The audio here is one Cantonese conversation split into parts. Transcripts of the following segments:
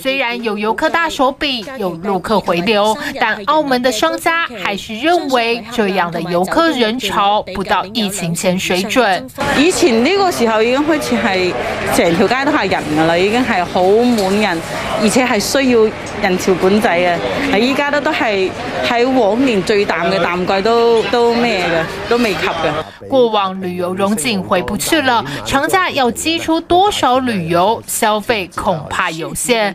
雖然有遊客大手筆，有陸客回流，但澳門的商家還是認為這樣的遊客人潮不到疫情前水準。以前呢個時候已經開始係成條街都係人噶啦，已經係好滿人，而且係需要人潮管制嘅。喺依家都都係喺往年最淡嘅淡季都都咩嘅，都未及嘅。過往旅遊榮景回不去了，長假要支出多少旅遊消費，恐怕有限。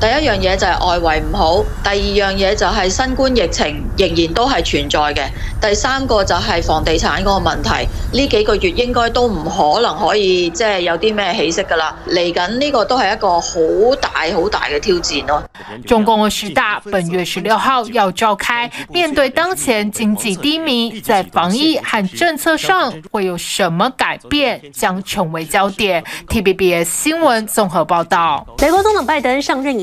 第一樣嘢就係外圍唔好，第二樣嘢就係新冠疫情仍然都係存在嘅，第三個就係房地產嗰個問題，呢幾個月應該都唔可能可以即係、就是、有啲咩起色噶啦，嚟緊呢個都係一個好大好大嘅挑戰咯、哦。中共二十大本月十六號要召開，面對當前經濟低迷，在防疫和政策上會有什麼改變，將成為焦點 TVBS 新聞綜合報道。美國總統拜登上任